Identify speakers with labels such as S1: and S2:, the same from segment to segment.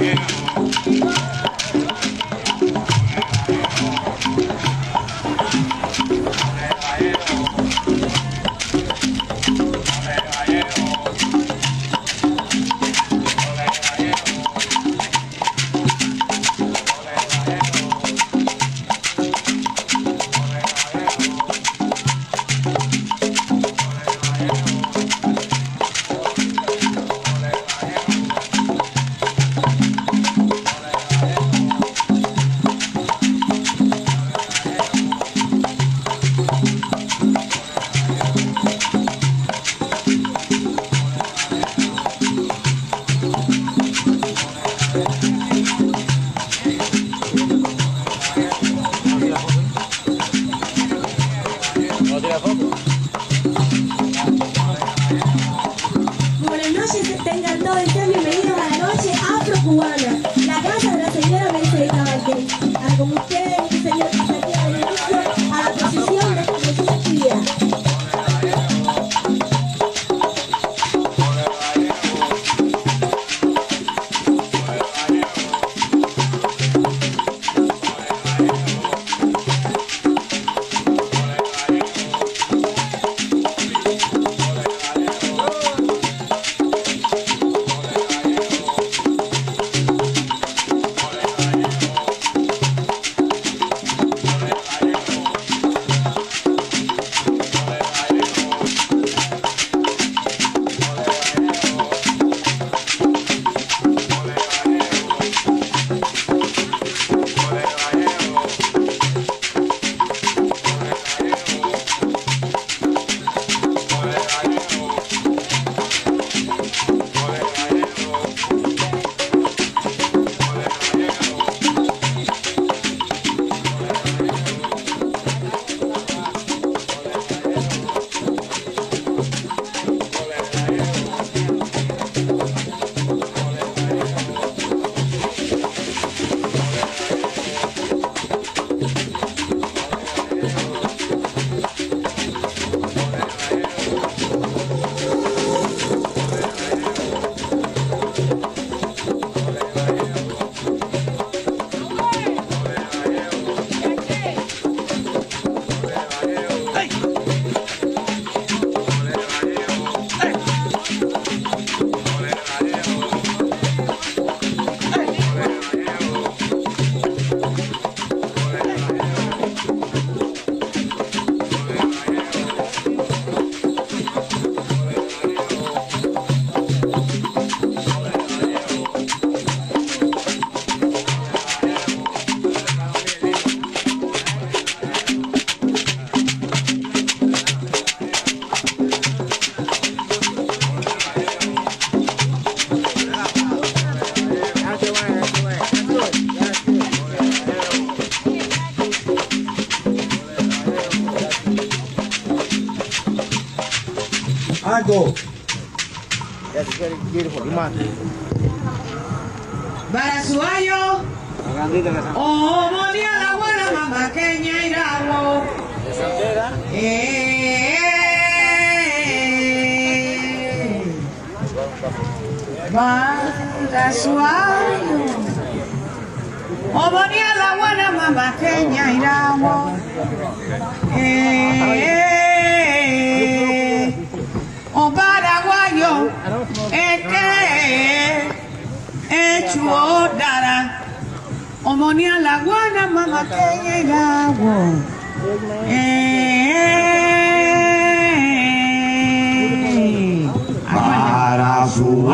S1: Yeah. mango. That's very beautiful. Mango. Barasuayo. Oh, monia la buena mamá que ñairabo. Barasuayo. Eh. Oh, monia la buena mamá que ñairabo. Eh, eh. Omonía Omonia la guana, mamá te llega. Eh, eh. Para su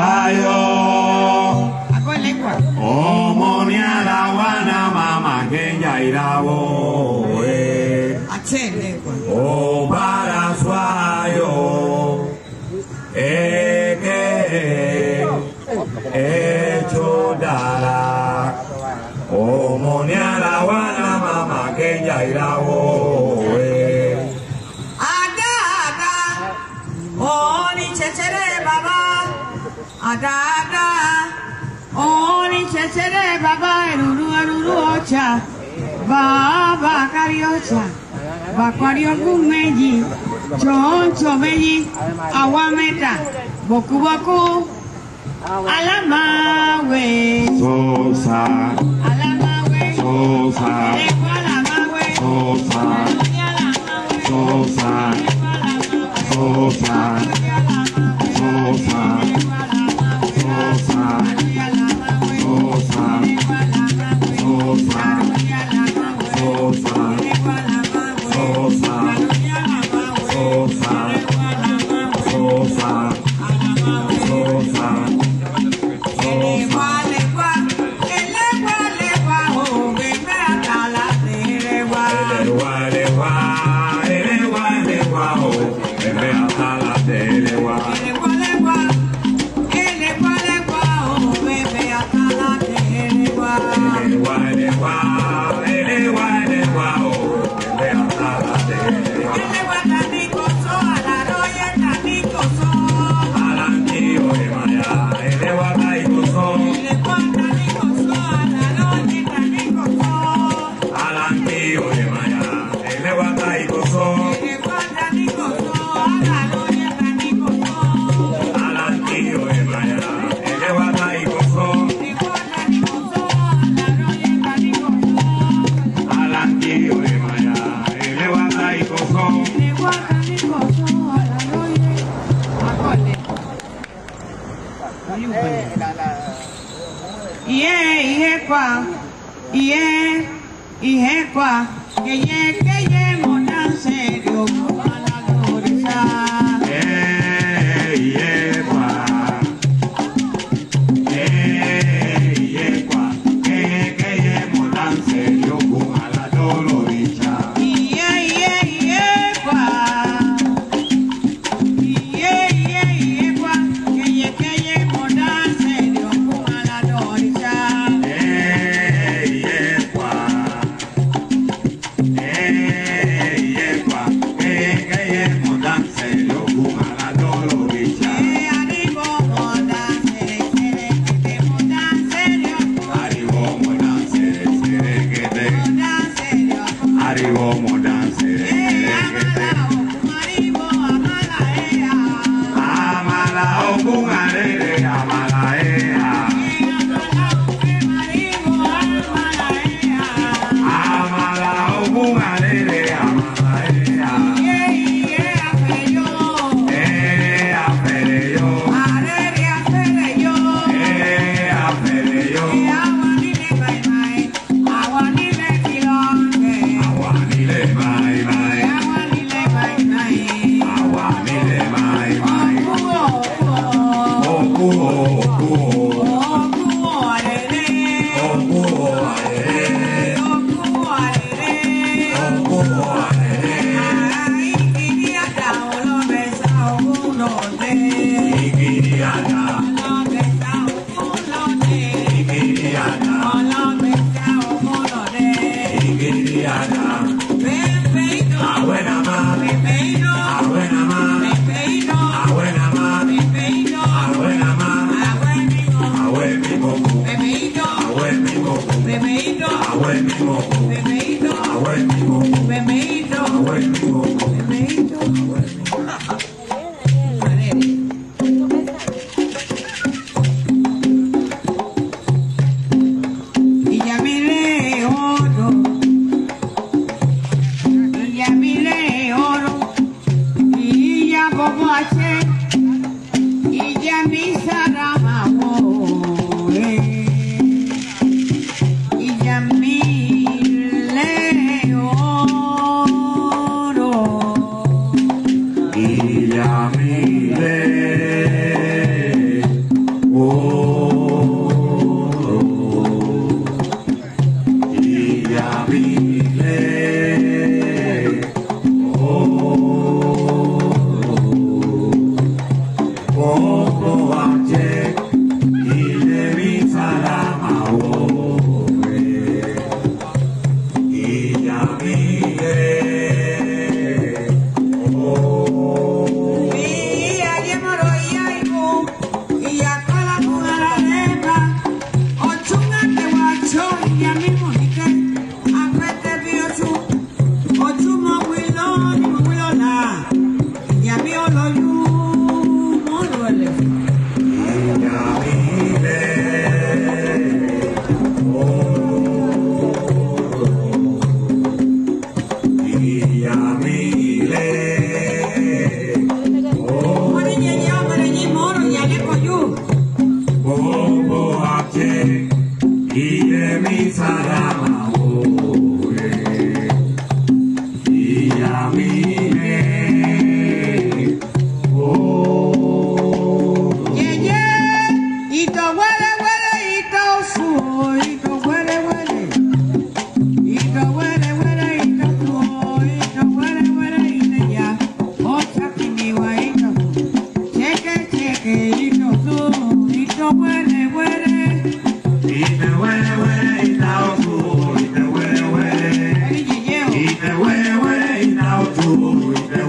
S1: Baba Cariocha, Bacuario Gumeji, Choncho Belli, Aguameta, Boku Boku, Alamawe, Sosa, Alamawe, Sosa, Sosa, Sosa, Sosa, Sosa. Bye. ihe kwa ihe ihe kwa eye keye Muito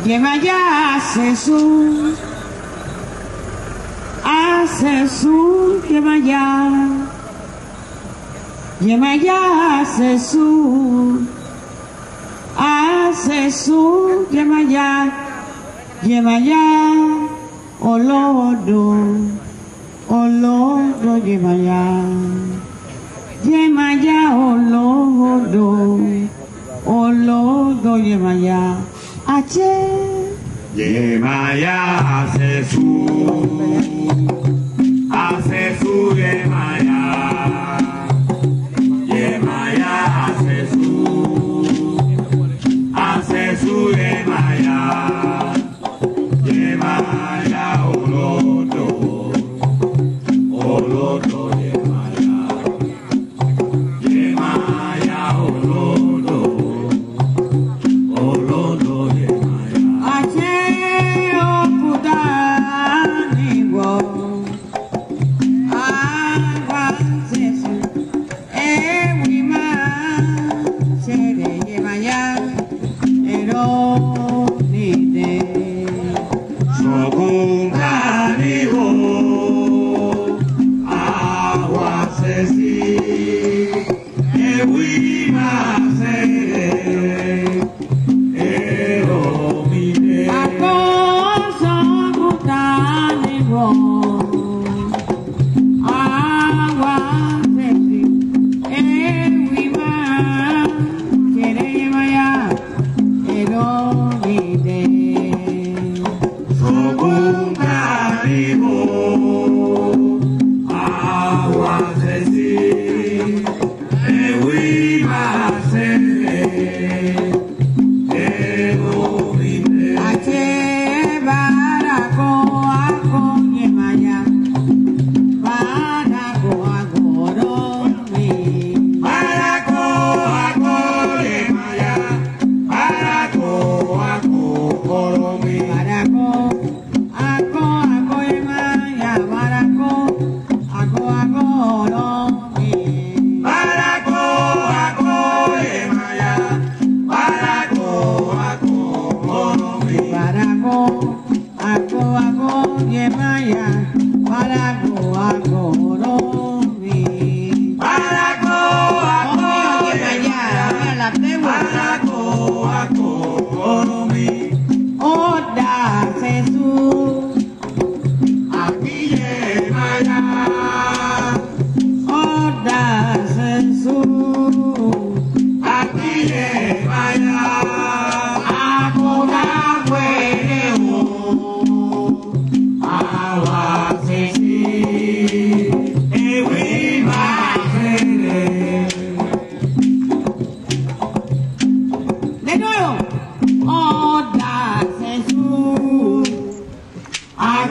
S1: Lleva ya a Jesús, a Jesús, lleva ya, lleva ya a Jesús, a Jesús, lleva ya, lleva ya, olor oh olodo oh lleva ya, lleva ya, oloro, oh Olodo, lleva ya. Ayer. hace su.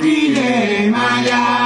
S1: Madine Maya.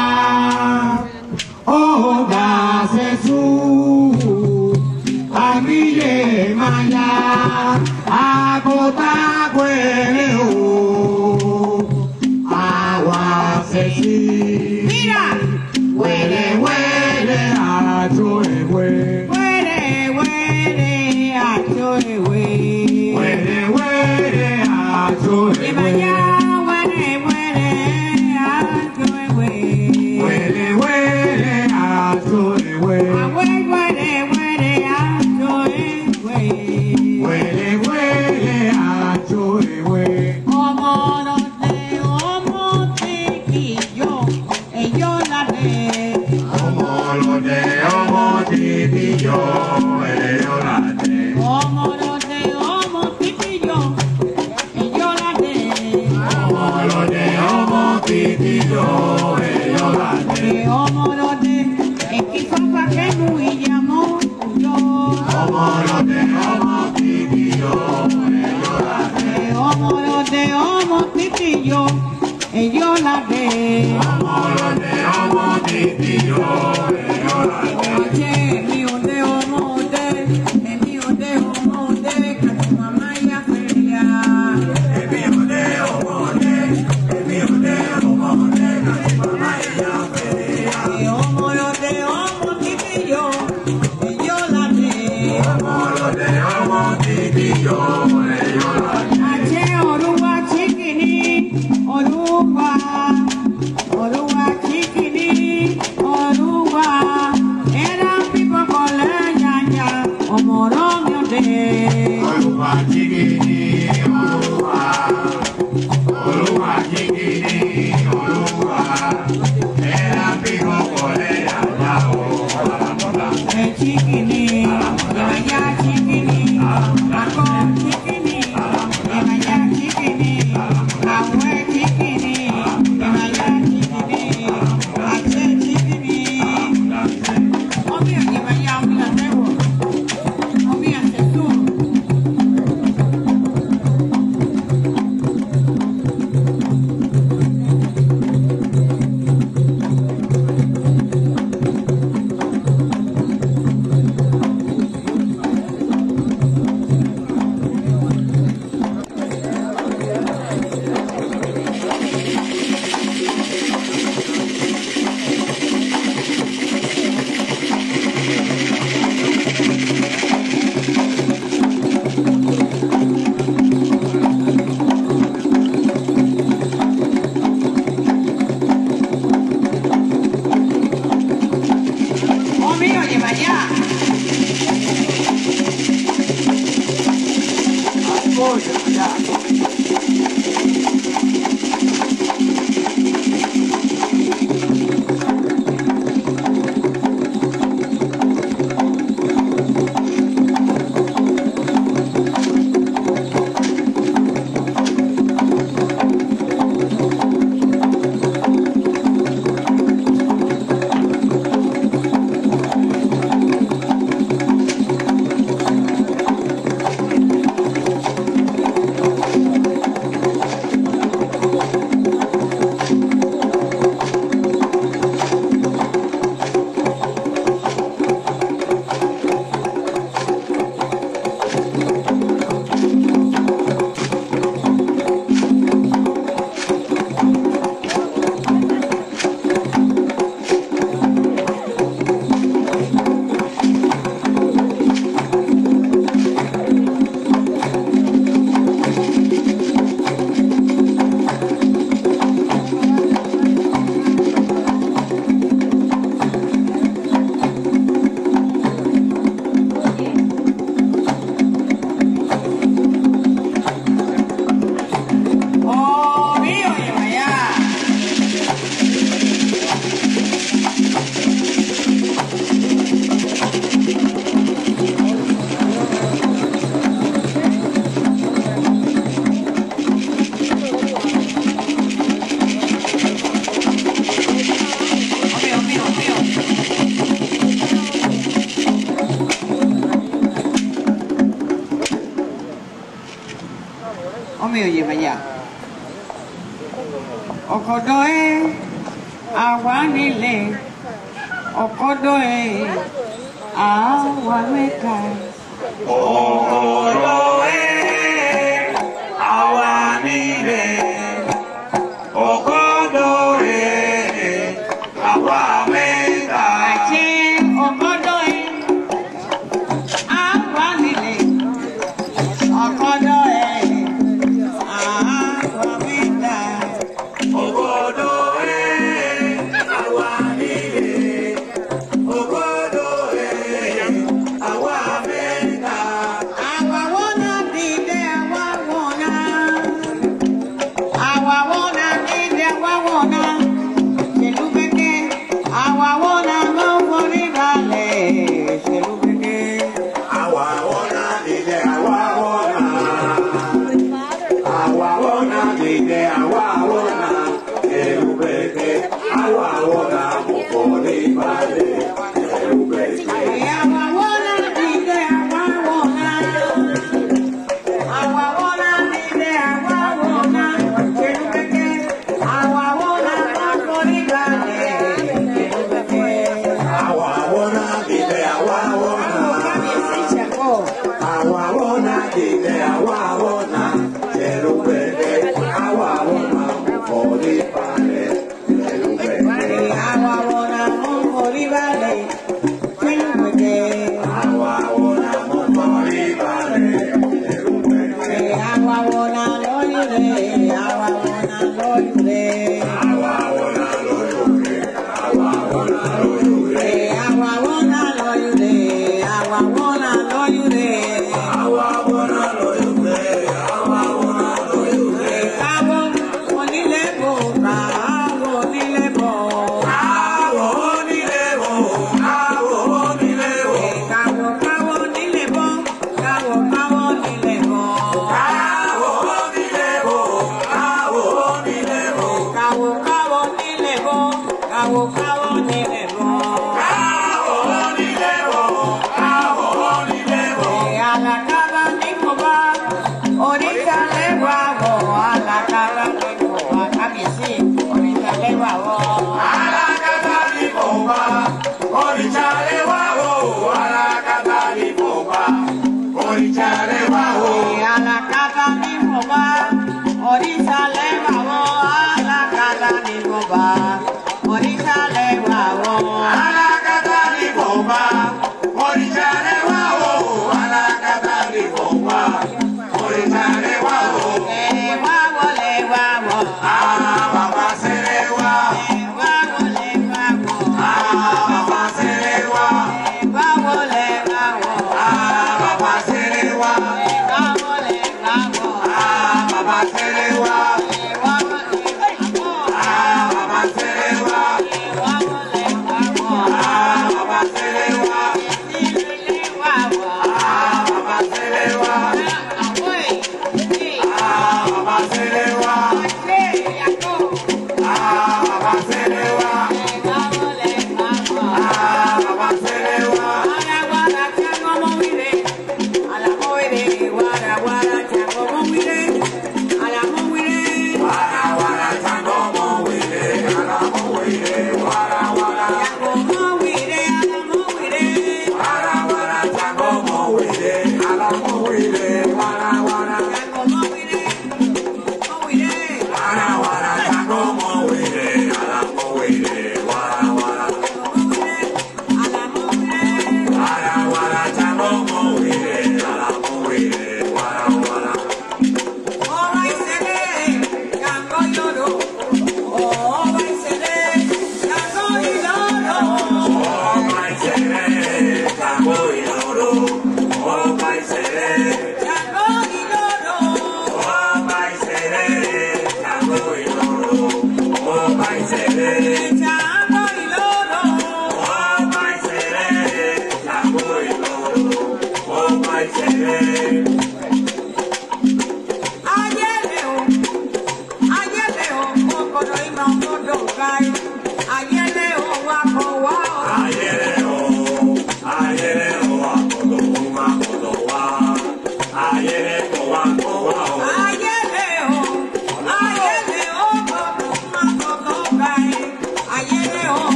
S1: long ago, guys.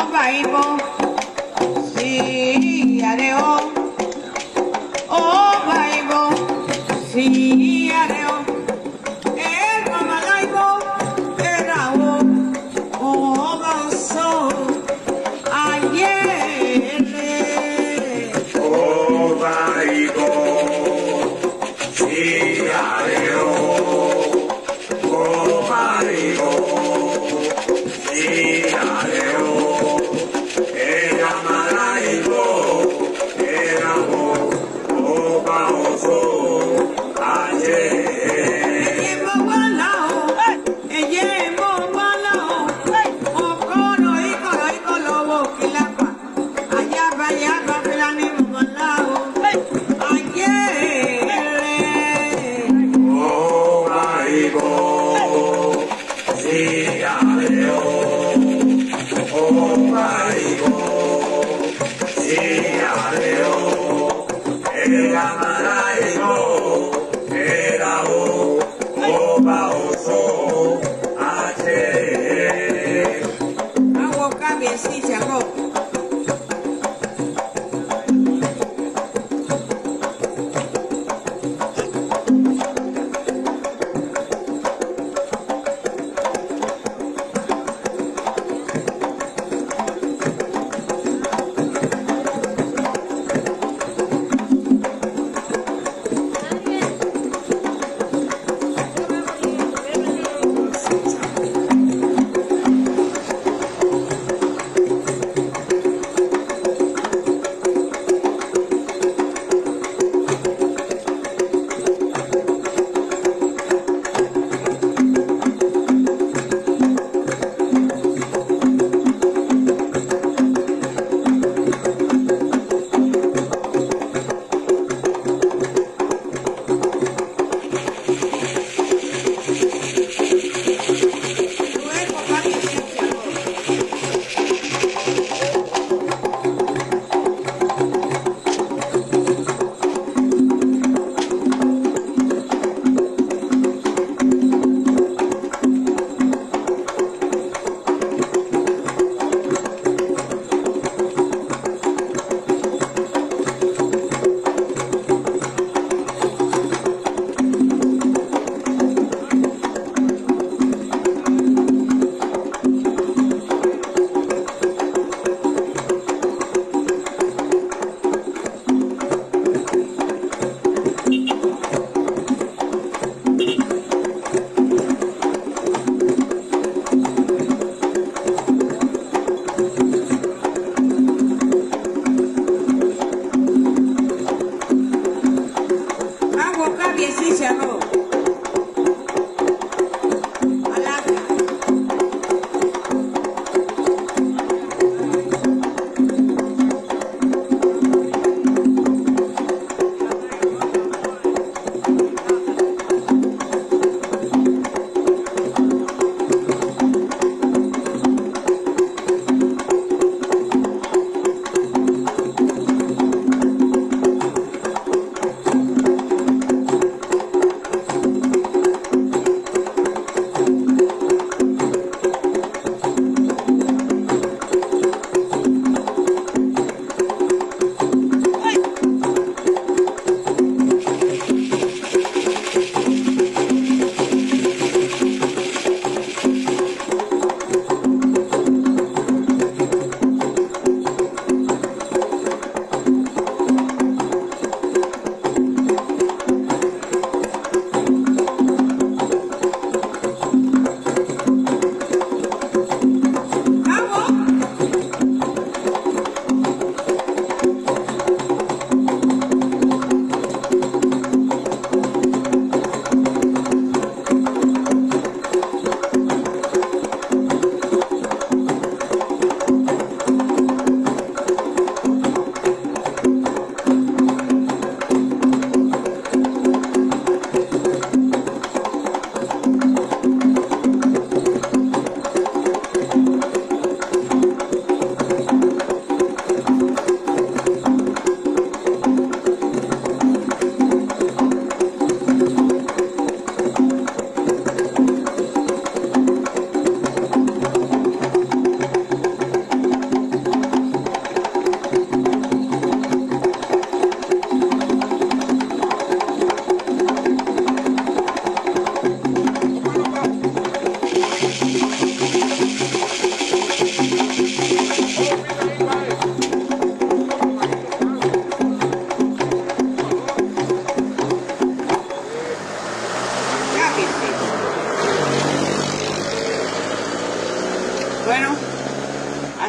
S1: Opa, hijo. llamará el moho,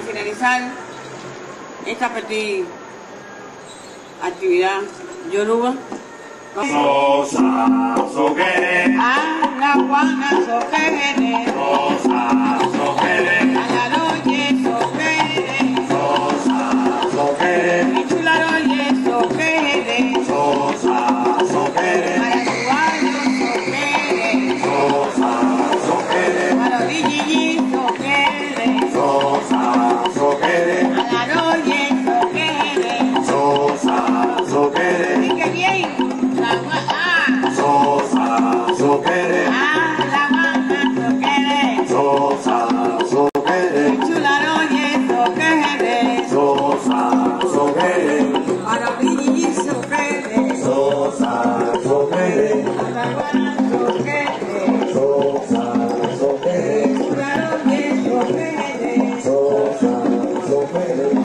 S1: finalizar esta petit actividad yo no Yoruba. Sosa, sogere. Ah, la guana, sogere. Sosa.